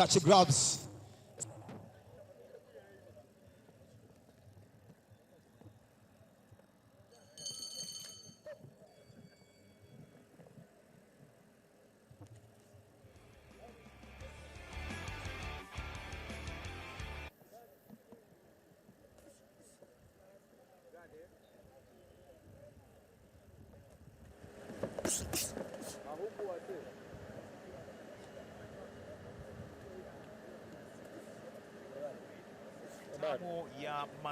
touchy grabs.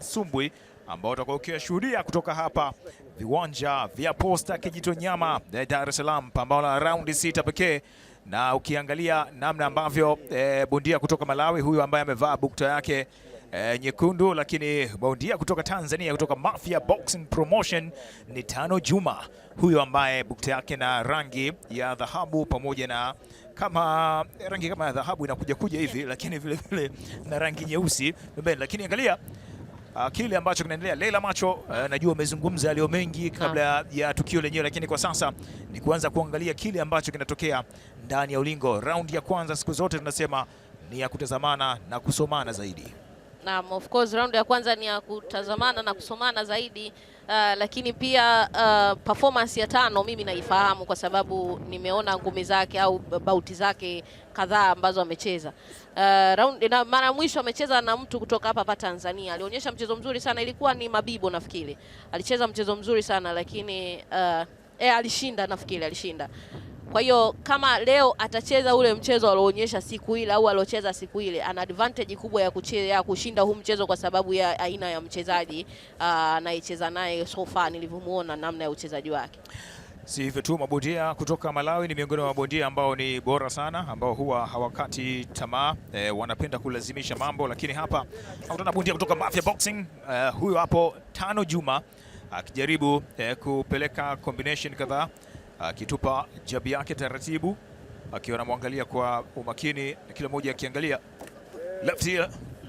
masumbwi ambao utakuwa ukiyashuhudia kutoka hapa viwanja vya Posta Kijitonyama, eh, Dar es Salaam, pambano la raundi sita pekee na ukiangalia namna ambavyo e, bondia kutoka Malawi huyu ambaye amevaa bukta yake e, nyekundu, lakini bondia kutoka Tanzania kutoka Mafia Boxing Promotion ni Tano Juma huyu ambaye bukta yake na rangi ya dhahabu pamoja na kama rangi kama ya dhahabu inakuja kuja hivi, lakini vile vile na rangi nyeusi pembeni, lakini angalia uh, kile ambacho kinaendelea. Leila Macho, uh, najua umezungumza yaliyo mengi kabla ya tukio lenyewe, lakini kwa sasa ni kuanza kuangalia kile ambacho kinatokea ndani ya ulingo. Raundi ya kwanza siku zote tunasema ni ya kutazamana na kusomana zaidi. Naam, of course round ya kwanza ni ya kutazamana na kusomana zaidi. Uh, lakini pia uh, performance ya tano mimi naifahamu kwa sababu nimeona ngumi zake au bauti zake kadhaa ambazo amecheza. Uh, round na mara ya mwisho amecheza na mtu kutoka hapa hapa Tanzania. Alionyesha mchezo mzuri sana, ilikuwa ni Mabibo nafikiri. Alicheza mchezo mzuri sana lakini uh, eh, alishinda nafikiri alishinda. Kwa hiyo kama leo atacheza ule mchezo alioonyesha siku ile au aliocheza siku ile, ana advantage kubwa ya, kucheza, ya kushinda huu mchezo kwa sababu ya aina ya mchezaji ah, anayecheza naye so far, nilivyomuona namna ya uchezaji wake. Si hivyo tu, mabondia kutoka Malawi ni miongoni mwa mabondia ambao ni bora sana, ambao huwa hawakati tamaa e, wanapenda kulazimisha mambo, lakini hapa utaona bondia kutoka Mafia Boxing e, huyo hapo Tano Juma akijaribu e, kupeleka combination kadhaa akitupa jabi yake taratibu, akiwa anamwangalia kwa umakini, kila mmoja akiangalia left,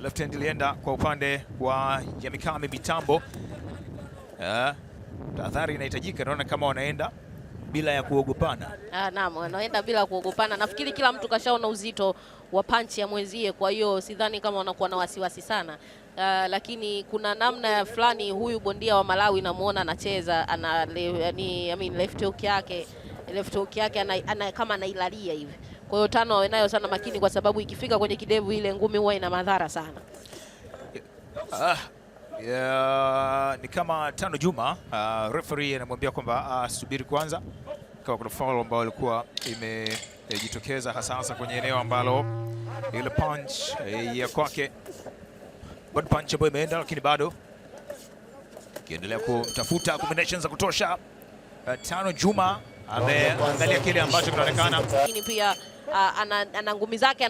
left hand ilienda kwa upande wa Yamikami Mitambo. Eh, tahadhari inahitajika, naona kama wanaenda bila ya kuogopana. Ah, naam, wanaenda bila kuogopana. Nafikiri kila mtu kashaona uzito wa panchi ya mwenzie, kwa hiyo sidhani kama wanakuwa na wasiwasi sana. Uh, lakini kuna namna fulani huyu bondia wa Malawi namuona anacheza ana yani, I mean, left hook yake left hook yake ana, ana, kama anailalia hivi. Kwa hiyo Tano awe nayo sana makini, kwa sababu ikifika kwenye kidevu ile ngumi huwa ina madhara sana. Ah, yeah, ni kama Tano Juma uh, referee anamwambia kwamba uh, subiri kwanza kwa kuna foul ambayo ilikuwa imejitokeza eh, hasa hasa kwenye eneo ambalo ile punch eh, ya kwake One punch ambayo imeenda lakini bado kiendelea kutafuta combinations za kutosha. Uh, Tano Juma ameangalia kile ambacho kinaonekana, lakini pia uh, ana, ana ngumi zake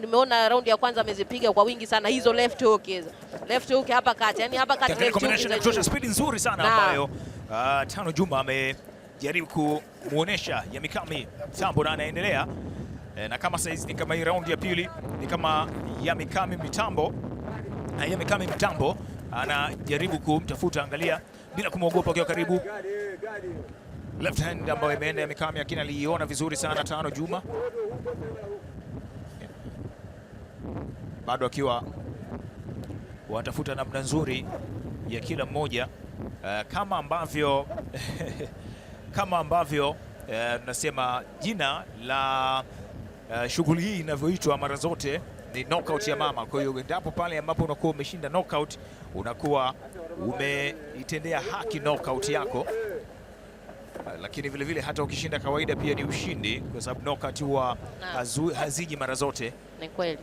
nimeona round ya kwanza amezipiga kwa wingi sana hizo left hook hizo left hook hapa kati, yani hapa kati left hook kutosha, speed nzuri sana ambayo uh, Tano Juma amejaribu kumuonesha Yamikami Tambo na anaendelea eh, na kama saizi ni kama hii raundi ya pili ni kama Yamikami Mitambo na ah, yeye amekaa Mtambo anajaribu kumtafuta, angalia bila kumwogopa, akiwa karibu left hand ambayo imeenda ya Mikami, lakini aliiona vizuri sana Tano Juma, bado akiwa watafuta namna nzuri ya kila mmoja uh, kama ambavyo kama ambavyo uh, eh, nasema jina la uh, shughuli hii inavyoitwa mara zote ni knockout ya mama. Kwa hiyo endapo pale ambapo unakuwa umeshinda knockout, unakuwa umeitendea haki knockout yako, lakini vile vile hata ukishinda kawaida pia ni ushindi, kwa sababu knockout huwa haziji mara zote. Ni kweli.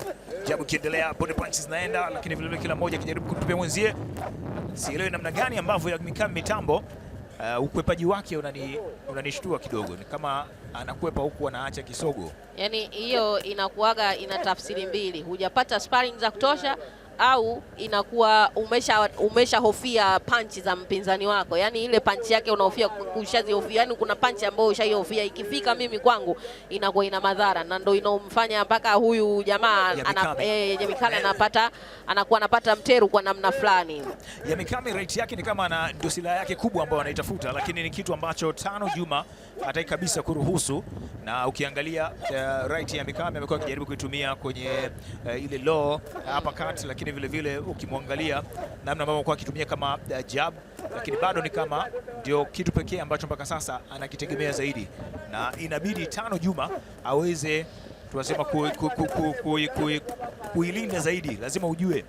Jabu kiendelea, body punches zinaenda, lakini vile vile kila mmoja akijaribu kutupia mwenzie. Sielewi namna gani ambavyo ya mikami mitambo Uh, ukwepaji wake unani unanishtua kidogo, ni kama anakwepa huku anaacha kisogo. Yani hiyo inakuwaga ina tafsiri mbili, hujapata sparring za kutosha au inakuwa umesha umeshahofia panchi za mpinzani wako, yani ile panchi yake unahofia ushazihofia, yani kuna panchi ambayo ushaihofia ikifika mimi kwangu inakuwa ina madhara, na ndio inaomfanya mpaka huyu jamaa Yamikami eh, anapata anakuwa anapata mteru kwa namna fulani. Yamikami right yake ni kama ana ndio silaha yake kubwa ambayo anaitafuta, lakini ni kitu ambacho Tano Juma hataki kabisa kuruhusu, na ukiangalia uh, eh, right ya Yamikami amekuwa akijaribu kuitumia kwenye uh, ile low kati lakini lakini vile vile ukimwangalia namna ambavyo kwa akitumia kama uh, jab, lakini bado ni kama ndio kitu pekee ambacho mpaka sasa anakitegemea zaidi, na inabidi Tano Juma aweze tunasema kuilinda ku, ku, ku, ku, ku, ku zaidi. Lazima ujue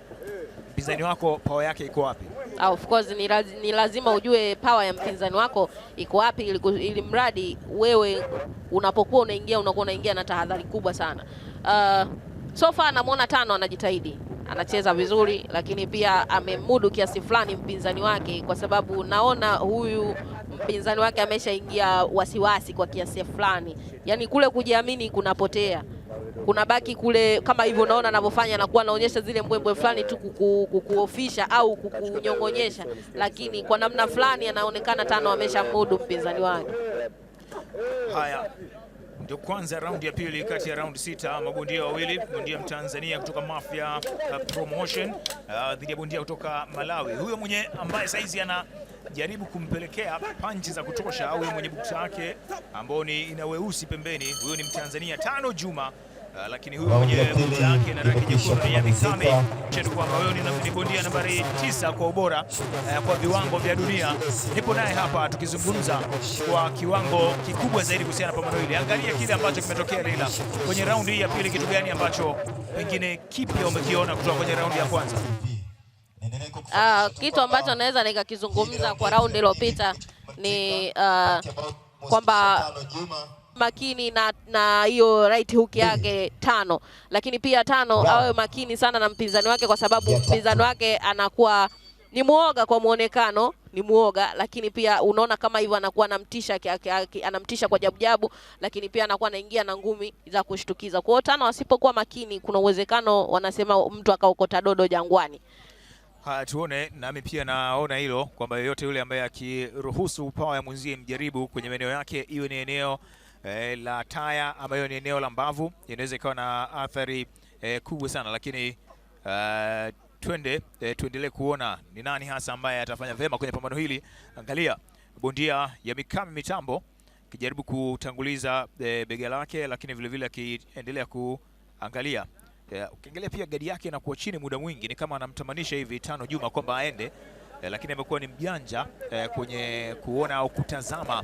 mpinzani wako pawa yake iko wapi. Ah, of course ni, laz, ni lazima ujue pawa ya mpinzani wako iko wapi, ili, ili mradi wewe unapokuwa unaingia unakuwa unaingia na tahadhari kubwa sana. Uh, so far namwona Tano anajitahidi anacheza vizuri, lakini pia amemudu kiasi fulani mpinzani wake, kwa sababu naona huyu mpinzani wake ameshaingia wasiwasi kwa kiasi fulani, yaani kule kujiamini kunapotea kuna baki kule kama hivyo, naona anavyofanya nakuwa anaonyesha zile mbwembwe fulani tu kukuofisha au kukunyong'onyesha, lakini kwa namna fulani anaonekana tano amesha mudu mpinzani wake. Haya, ndio kwanza raundi ya pili kati ya raundi sita, mabondia wawili, bondia Mtanzania kutoka Mafia uh, Promotion uh, dhidi uh, ya bondia kutoka Malawi, huyo mwenye ambaye saizi anajaribu kumpelekea panchi za kutosha, huyo mwenye bukta yake ambao ni ina weusi pembeni, huyo ni Mtanzania Tano Juma. Uh, lakini huyu mwenye buti yake na rangi nyekundu ya Misame chetu kwa wewe ni bondia nambari tisa kwa ubora uh, kwa viwango vya dunia. Nipo naye hapa tukizungumza kwa kiwango kikubwa zaidi kuhusiana na pambano hili. Angalia kile ambacho kimetokea Leila kwenye raundi hii ya pili, kitu gani ambacho pengine kipya umekiona kutoka kwenye raundi ya kwanza? Uh, kitu ambacho naweza nikakizungumza kwa raundi iliyopita ni uh, kwamba makini na na hiyo right hook yake Tano, lakini pia Tano awe makini sana na mpinzani wake kwa sababu mpinzani wake anakuwa ni muoga kwa muonekano, ni muoga lakini pia unaona kama hivyo anakuwa anamtisha, anamtisha kwa jabujabu, lakini pia anakuwa anaingia na ngumi za kushtukiza. Kwa hiyo Tano asipokuwa makini, kuna uwezekano wanasema mtu akaokota dodo Jangwani. Ha, tuone nami pia naona hilo kwamba yoyote yule ambaye akiruhusu upawa ya mwenzie mjaribu kwenye maeneo yake, iwe ni eneo eh, la taya ambayo ni eneo la mbavu inaweza ikawa na athari eh, kubwa sana, lakini uh, twende eh, tuendelee kuona ni nani hasa ambaye atafanya vema kwenye pambano hili. Angalia bondia ya mikami mitambo kijaribu kutanguliza eh, bega lake, lakini vile vile akiendelea kuangalia eh, ukiangalia pia gadi yake inakuwa chini muda mwingi, ni kama anamtamanisha hivi Tano Juma kwamba aende eh, lakini amekuwa ni mjanja eh, kwenye kuona au kutazama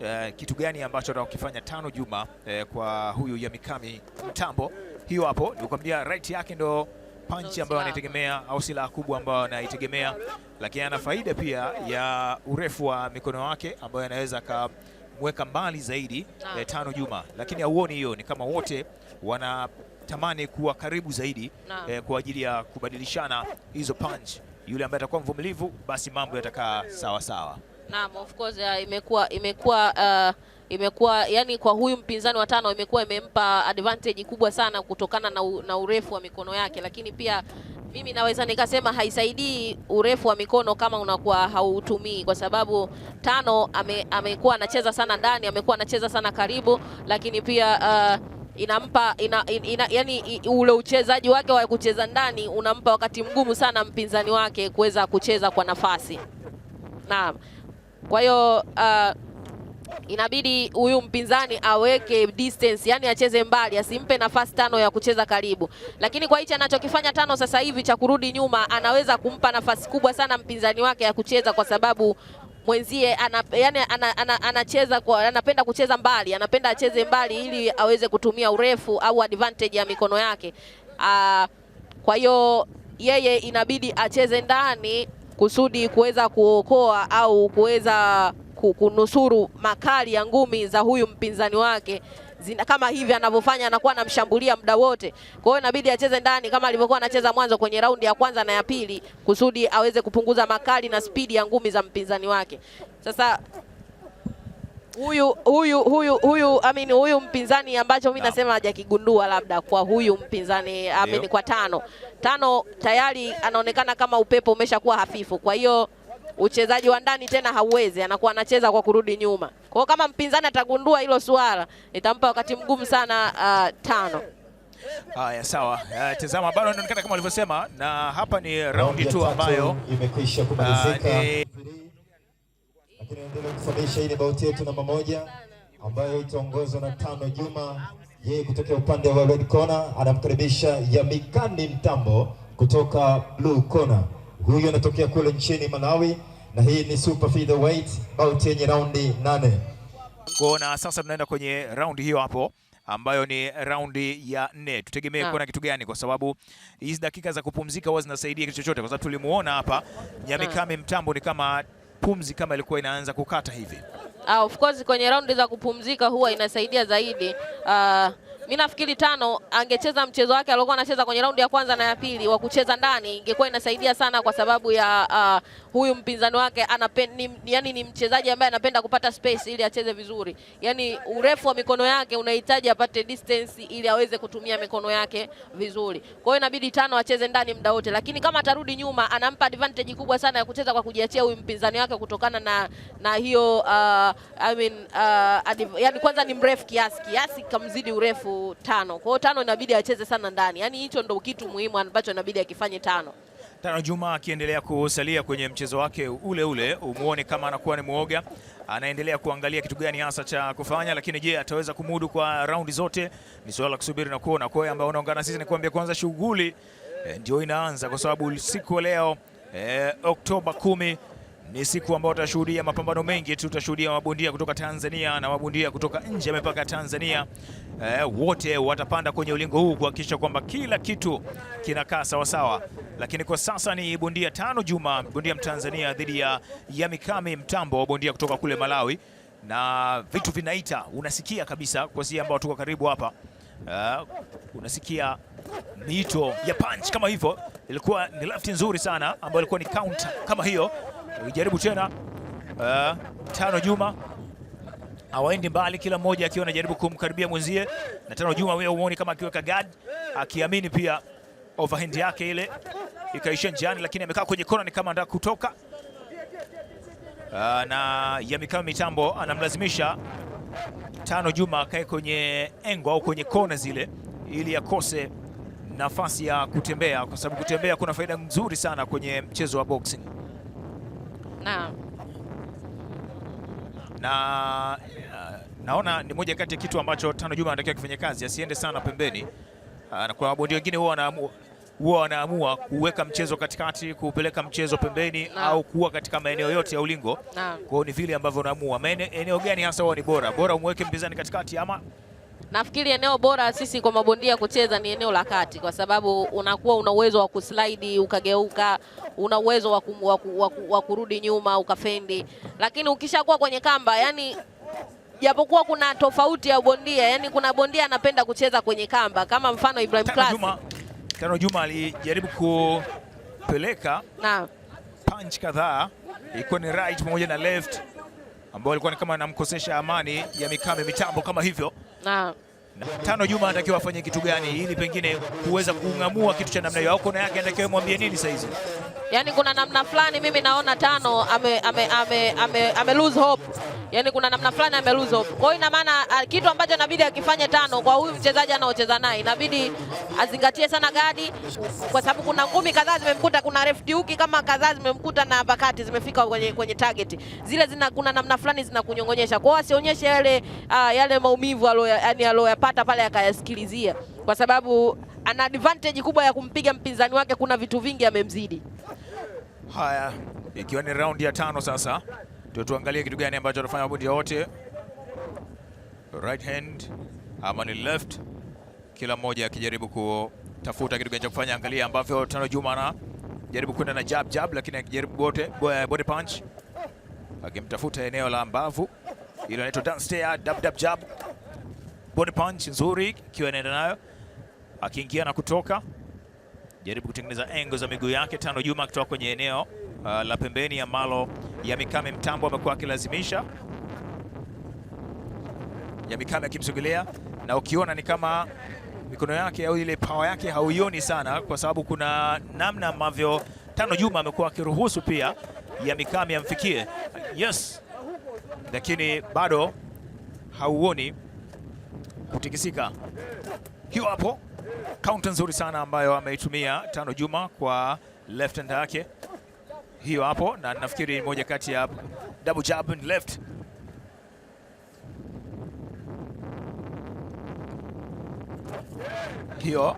Eh, kitu gani ambacho atakifanya Tano Juma eh, kwa huyu Yamikami Mtambo. Hiyo hapo nikwambia, right yake ndo panchi ambayo anaitegemea au silaha kubwa ambayo anaitegemea, lakini ana faida pia ya urefu wa mikono wake ambayo anaweza akamweka mbali zaidi eh, Tano Juma, lakini hauoni hiyo, ni kama wote wanatamani kuwa karibu zaidi eh, kwa ajili ya kubadilishana hizo punch. Yule ambaye atakuwa mvumilivu, basi mambo yatakaa sawa sawa. Naam, of course uh, imekuwa imekuwa uh, imekuwa yani kwa huyu mpinzani wa tano imekuwa imempa advantage kubwa sana kutokana na, na urefu wa mikono yake, lakini pia mimi naweza nikasema haisaidii urefu wa mikono kama unakuwa hautumii, kwa sababu tano ame, amekuwa anacheza sana ndani, amekuwa anacheza sana karibu, lakini pia uh, inampa ina, ina, yani ule uchezaji wake wa kucheza ndani unampa wakati mgumu sana mpinzani wake kuweza kucheza kwa nafasi. Naam. Kwa hiyo uh, inabidi huyu mpinzani aweke distance, yani acheze mbali, asimpe nafasi Tano ya kucheza karibu. Lakini kwa hichi anachokifanya Tano sasa hivi cha kurudi nyuma, anaweza kumpa nafasi kubwa sana mpinzani wake ya kucheza, kwa sababu mwenzie ana, yani, ana, ana, anacheza kwa, anapenda kucheza mbali, anapenda acheze mbali ili aweze kutumia urefu au advantage ya mikono yake. Uh, kwa hiyo yeye inabidi acheze ndani kusudi kuweza kuokoa au kuweza kunusuru makali ya ngumi za huyu mpinzani wake zina, kama hivi anavyofanya anakuwa anamshambulia muda wote. Kwa hiyo inabidi acheze ndani kama alivyokuwa anacheza mwanzo kwenye raundi ya kwanza na ya pili, kusudi aweze kupunguza makali na spidi ya ngumi za mpinzani wake. Sasa huyu huyu huyu huyu mean, huyu mpinzani ambacho mimi nasema hajakigundua labda kwa huyu mpinzani mean, kwa tano tano tayari anaonekana kama upepo umeshakuwa hafifu, kwa hiyo uchezaji wa ndani tena hauwezi, anakuwa anacheza kwa kurudi nyuma. Kwa hiyo kama mpinzani atagundua hilo suala, nitampa wakati mgumu sana uh, tano. Haya, sawa. Uh, tazama bado inaonekana kama walivyosema, na hapa ni raundi tu ambayo imekwisha kumalizika. Uh, tunaendelea endelea ile bauti yetu namba moja ambayo itaongozwa na Tano Juma. Yeye kutokea upande wa red corner anamkaribisha Yamikani Mtambo kutoka blue corner. Huyu anatokea kule nchini Malawi na hii ni super featherweight bauti yenye raundi nane. Kuona sasa tunaenda kwenye raundi hiyo hapo ambayo ni raundi ya nne. Tutegemee kuona kitu gani, kwa sababu hizi dakika za kupumzika huwa zinasaidia kitu chochote, kwa sababu tulimuona hapa Nyamikami Mtambo ni kama pumzi kama ilikuwa inaanza kukata hivi. Uh, of course kwenye raundi za kupumzika huwa inasaidia zaidi uh, mi nafikiri Tano angecheza mchezo wake aliokuwa anacheza kwenye raundi ya kwanza na ya pili wa kucheza ndani, ingekuwa inasaidia sana kwa sababu ya uh, huyu mpinzani wake anapen, ni, yani ni mchezaji ambaye anapenda kupata space ili acheze vizuri, yani urefu wa mikono yake unahitaji apate distance ili aweze kutumia mikono yake vizuri. Kwa hiyo inabidi Tano acheze ndani muda wote, lakini kama atarudi nyuma anampa advantage kubwa sana ya kucheza kwa kujiachia huyu mpinzani wake kutokana na, na hiyo uh, I mean, uh, yani kwanza ni mrefu kiasi kiasi kamzidi urefu tano. Kwa hiyo tano inabidi acheze sana ndani, yaani hicho ndo kitu muhimu ambacho inabidi akifanye tano. Tano Juma akiendelea kusalia kwenye mchezo wake ule ule, umuone kama anakuwa ni mwoga, anaendelea kuangalia kitu gani hasa cha kufanya, lakini je, ataweza kumudu kwa raundi zote? Ni swala la kusubiri na kuona. Kwa hiyo ambao unaungana sisi, kuambia kwanza shughuli eh, ndio inaanza kwa sababu siku leo eh, Oktoba kumi ni siku ambayo tutashuhudia mapambano mengi, tutashuhudia mabondia kutoka Tanzania na mabondia kutoka nje ya mipaka ya Tanzania. E, wote watapanda kwenye ulingo huu kuhakikisha kwamba kila kitu kinakaa sawasawa, lakini kwa sasa ni bondia Tano Juma, bondia Mtanzania dhidi ya Yamikami Mtambo, bondia kutoka kule Malawi, na vitu vinaita, unasikia kabisa kwa sisi ambao tuko karibu hapa. Uh, unasikia mito ya punch kama hivyo, ilikuwa ni left nzuri sana ambayo ilikuwa ni counter kama hiyo. Ujaribu tena uh, Tano Juma hawaendi mbali, kila mmoja akiwa anajaribu kumkaribia mwenzie, na Tano Juma wewe uone kama akiweka guard, akiamini pia overhand yake ile ikaisha njiani, lakini amekaa kwenye kona ni kama anataka kutoka uh, na Yamikama Mitambo anamlazimisha Tano Juma akae kwenye engo au kwenye kona zile ili akose nafasi ya kutembea, kwa sababu kutembea kuna faida nzuri sana kwenye mchezo wa boxing. Naam. Na uh, naona ni moja kati ya kitu ambacho Tano Juma anatakiwa kufanya kazi, asiende sana pembeni. Uh, na kuna mabondia wengine huwa wanaamua huwa wanaamua kuweka mchezo katikati, kupeleka mchezo pembeni na, au kuwa katika maeneo yote ya ulingo. Kwa hiyo ni vile ambavyo unaamua maeneo gani hasa huwa ni bora bora, umweke mpinzani katikati ama Nafikiri eneo bora sisi kwa mabondia kucheza ni eneo la kati, kwa sababu unakuwa una uwezo wa kuslide ukageuka, una uwezo wa wa kurudi nyuma ukafendi, lakini ukishakuwa kwenye kamba yani japokuwa kuna tofauti ya bondia, yani kuna bondia anapenda kucheza kwenye kamba, kama mfano Ibrahim Class. Juma, Tano Juma alijaribu kupeleka na punch kadhaa, ilikuwa ni right pamoja na left ambao walikuwa ni kama namkosesha amani ya mikame mitambo kama hivyo na na Tano Juma anatakiwa afanye kitu gani ili pengine kuweza kung'amua kitu cha namna hiyo, au kuna yake anatakiwa mwambie nini saa hizi? Yaani kuna namna fulani mimi naona Tano ame, ame, ame, ame, ame lose hope yani kuna namna fulani ameluzo. Kwa hiyo ina maana ah, kitu ambacho inabidi akifanye tano kwa huyu mchezaji anaocheza naye, inabidi azingatie sana gadi, kwa sababu kuna ngumi kadhaa zimemkuta, kuna ref Deuki kama kadhaa zimemkuta na bakati zimefika kwenye, kwenye target zile zina, kuna namna fulani zinakunyong'onyesha. Kwa hiyo asionyeshe yale, uh, yale maumivu alo, yani pale akayasikilizia, kwa sababu ana advantage kubwa ya kumpiga mpinzani wake, kuna vitu vingi amemzidi. Haya, ikiwa ni raundi ya tano sasa tuangalie kitu gani ambacho anafanya mabondia wote, right hand ama ni left, kila mmoja akijaribu kutafuta kitu gani cha kufanya. Angalia ambavyo Tano Juma na jaribu kwenda na jab jab, lakini akijaribu bote eh, body punch, akimtafuta eneo la mbavu, ile inaitwa downstairs dab dab jab, body punch nzuri, ikiwa inaenda nayo, akiingia na kutoka, jaribu kutengeneza engo za miguu yake Tano Juma akitoka kwenye eneo uh, la pembeni ambalo ya Mikame Mtambo amekuwa akilazimisha ya Mikame akimsogelea, na ukiona ni kama mikono yake au ile pawa yake hauioni sana, kwa sababu kuna namna ambavyo Tano Juma amekuwa akiruhusu pia ya Mikame amfikie, yes, lakini bado hauoni kutikisika. Hiyo hapo kaunta nzuri sana ambayo ameitumia Tano Juma kwa left hand yake hiyo hapo, na nafikiri moja kati ya double jab and left. Hiyo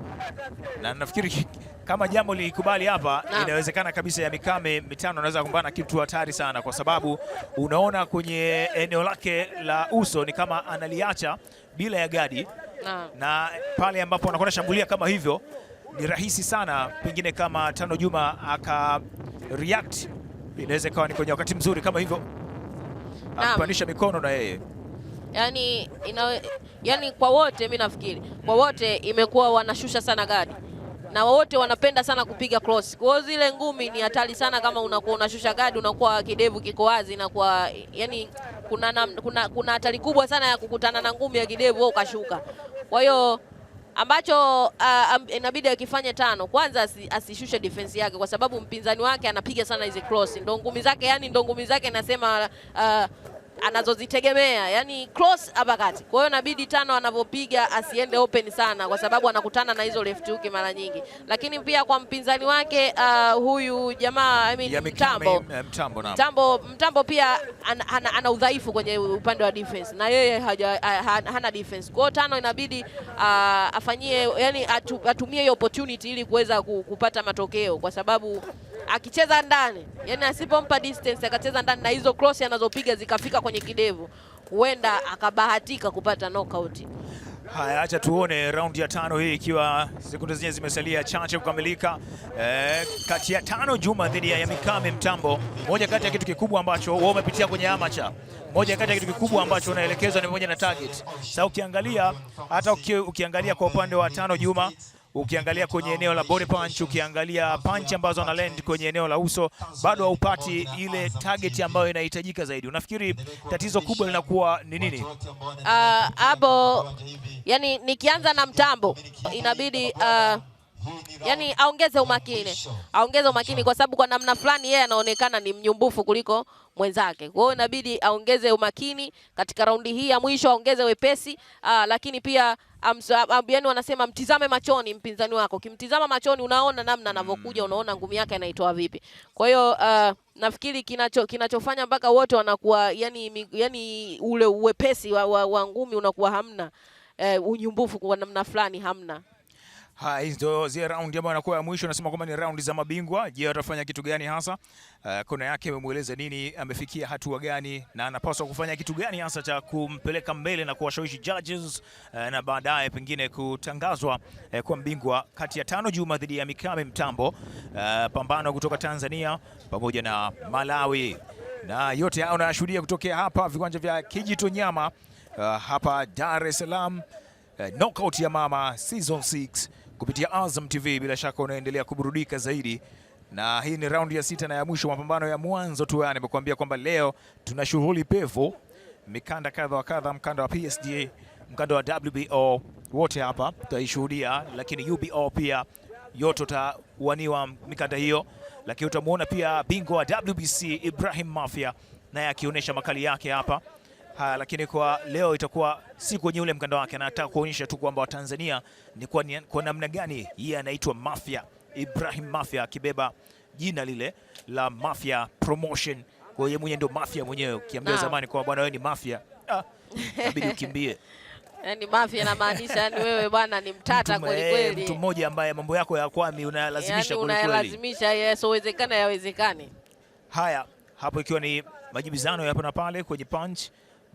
na nafikiri kama jambo lilikubali hapa, inawezekana kabisa ya mikame mitano anaweza kumbana kitu hatari sana, kwa sababu unaona kwenye eneo lake la uso ni kama analiacha bila ya gadi na, na pale ambapo anakwenda shambulia kama hivyo ni rahisi sana, pengine kama Tano Juma aka react, inaweza ikawa ni kwenye wakati mzuri kama hivyo, akupandisha mikono na yeye yani, ina, yani kwa wote mimi nafikiri kwa wote imekuwa wanashusha sana gadi na wote wanapenda sana kupiga cross. Kwa zile ngumi ni hatari sana, kama unakuwa unashusha gadi, unakuwa kidevu kiko wazi, na kwa yani kuna, kuna, kuna hatari kubwa sana ya kukutana na ngumi ya kidevu au ukashuka, kwa hiyo ambacho uh, inabidi akifanye tano kwanza, asishushe defense yake, kwa sababu mpinzani wake anapiga sana hizi cross, ndo ngumi zake, yani ndo ngumi zake nasema uh, anazozitegemea yani cross abakati. Kwa hiyo inabidi tano anavyopiga asiende open sana, kwa sababu anakutana na hizo left hook mara nyingi, lakini pia kwa mpinzani wake uh, huyu jamaa I mean, mtambo eh, mtambo, mtambo mtambo pia an, an, ana udhaifu kwenye upande wa defense na yeye haja, ha, hana defense. Kwa hiyo tano inabidi uh, afanyie yani atu, atumie hiyo opportunity ili kuweza kupata matokeo kwa sababu akicheza ndani, yani asipompa distance akacheza ndani na hizo cross anazopiga zikafika kwenye kidevu, huenda akabahatika kupata knockout. Haya, acha tuone raundi ya tano hii ikiwa sekunde zenyewe zimesalia chache kukamilika. E, kati ya tano Juma dhidi ya Yamikame Mtambo, moja kati ya kitu kikubwa ambacho wewe umepitia kwenye amacha, moja kati ya kitu kikubwa ambacho unaelekezwa ni pamoja na target. Sasa ukiangalia hata uki, ukiangalia kwa upande wa tano Juma Ukiangalia kwenye eneo la body punch, ukiangalia punch ambazo ana land kwenye eneo la uso, bado haupati ile target ambayo inahitajika zaidi. Unafikiri tatizo kubwa linakuwa ni nini? Uh, abo, yani nikianza na mtambo inabidi uh, yani aongeze umakini, aongeze umakini kwa sababu kwa namna fulani yeye anaonekana ni mnyumbufu kuliko mwenzake. Kwa hiyo inabidi aongeze umakini katika raundi hii ya mwisho, aongeze wepesi aa, ah, lakini pia yani wanasema mtizame machoni mpinzani wako. Ukimtizama machoni, unaona namna anavyokuja, unaona ngumi yake anaitoa vipi. Kwa hiyo uh, nafikiri kinacho kinachofanya mpaka wote wanakuwa yani, yani ule uwepesi wa, wa, wa ngumi unakuwa hamna, uh, unyumbufu kwa namna fulani hamna. Ha, hizo zile round ambayo inakuwa ya mwisho nasema kwamba ni round za mabingwa. Je, atafanya kitu gani hasa? Uh, kona yake amemueleza nini, amefikia hatua gani na anapaswa kufanya kitu gani hasa cha kumpeleka mbele na kuwashawishi judges uh, na baadaye pengine kutangazwa uh, eh, kwa mbingwa kati ya Tano Juma dhidi ya Mikame Mtambo, uh, pambano kutoka Tanzania pamoja na Malawi, na yote hayo unayashuhudia kutokea hapa viwanja vya Kijito Nyama uh, hapa Dar es Salaam, uh, knockout ya mama season 6 kupitia Azam TV. Bila shaka unaendelea kuburudika zaidi, na hii ni raundi ya sita na ya mwisho, mapambano ya mwanzo tu. Yani nimekuambia kwamba leo tuna shughuli pevu, mikanda kadha wa kadha, mkanda wa PSG, mkanda wa WBO, wote hapa tutaishuhudia, lakini UBO pia yote utawaniwa mikanda hiyo, lakini utamwona pia bingwa wa WBC Ibrahim Mafia naye akionyesha makali yake hapa haya, lakini kwa leo itakuwa si kwenye ule mkanda wake, anataka kuonyesha tu kwamba Watanzania ni kwa, kwa namna gani yeye anaitwa Mafia Ibrahim Mafia akibeba jina lile la Mafia Promotion. Kwa hiyo mwenyewe ndio Mafia mwenyewe, ukiambia zamani kwa bwana wewe ni Mafia ah, inabidi ukimbie Yani eh, Mafia namaanisha yani wewe bwana ni mtata kweli kweli, mtu mmoja ambaye mambo yako ya kwami unayalazimisha yaani kweli kweli, unayalazimisha yasowezekana yawezekani. Haya, hapo ikiwa ni majibizano ya hapa na pale kwenye punch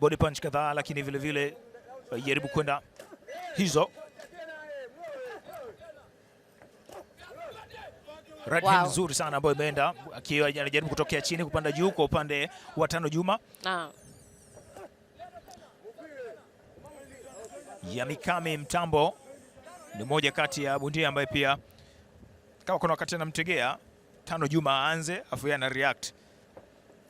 body punch kadhaa, lakini vile vile uh, jaribu kwenda hizo right wow, nzuri sana ambayo imeenda akiwa anajaribu kutokea chini kupanda juu kwa upande wa Tano Juma ah. Yamikami Mtambo ni moja kati ya bondia ambaye pia kama kuna wakati anamtegea Tano Juma aanze afu yeye ana react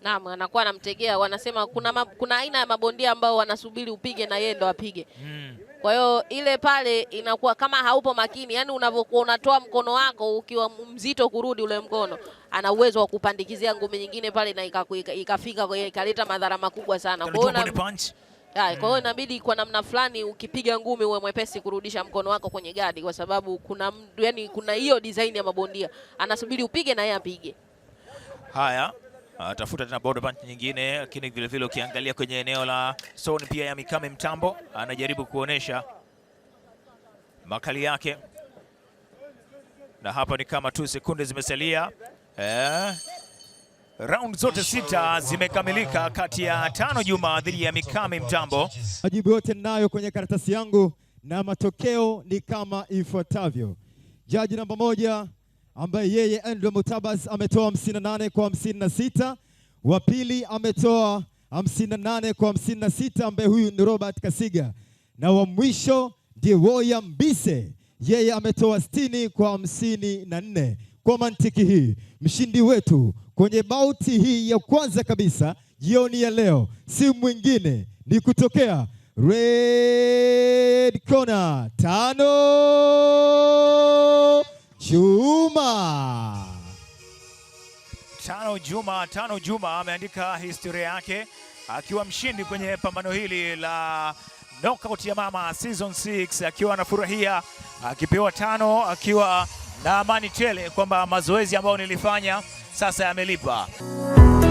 Naam, anakuwa anamtegea, wanasema kuna, ma, kuna aina ya mabondia ambao wanasubiri upige na yeye ndo apige mm. Kwa hiyo ile pale inakuwa kama haupo makini, yani unavyokuwa unatoa mkono wako ukiwa mzito kurudi ule mkono, ana uwezo wa kupandikizia ngumi nyingine pale na ikafika ika, ikaleta madhara makubwa sana. Kwa hiyo kwa hmm. hiyo inabidi kwa namna fulani ukipiga ngumi uwe mwepesi kurudisha mkono wako kwenye gadi, kwa sababu kuna yani, kuna hiyo design ya mabondia anasubiri upige na yeye apige. Haya atafuta tena board punch nyingine, lakini vilevile ukiangalia kwenye eneo la soni pia ya Mikame Mtambo anajaribu kuonesha makali yake, na hapa ni kama tu sekunde zimesalia eh. Round zote sita zimekamilika kati ya tano Juma dhidi ya Mikame Mtambo. Majibu yote ninayo kwenye karatasi yangu na matokeo ni kama ifuatavyo. Jaji namba moja ambaye yeye Andrew Mutabas ametoa 58 kwa 56, wa pili ametoa 58 kwa 56, ambaye huyu ni Robert Kasiga, na wa mwisho ndiye William Bise, yeye ametoa 60 kwa 54. Kwa mantiki hii mshindi wetu kwenye bauti hii ya kwanza kabisa jioni ya leo si mwingine ni kutokea Red Corner tano Juma Tano Juma Tano Juma ameandika historia yake akiwa mshindi kwenye pambano hili la knockout ya mama season 6 akiwa anafurahia akipewa tano akiwa na amani tele kwamba mazoezi ambayo nilifanya sasa yamelipa.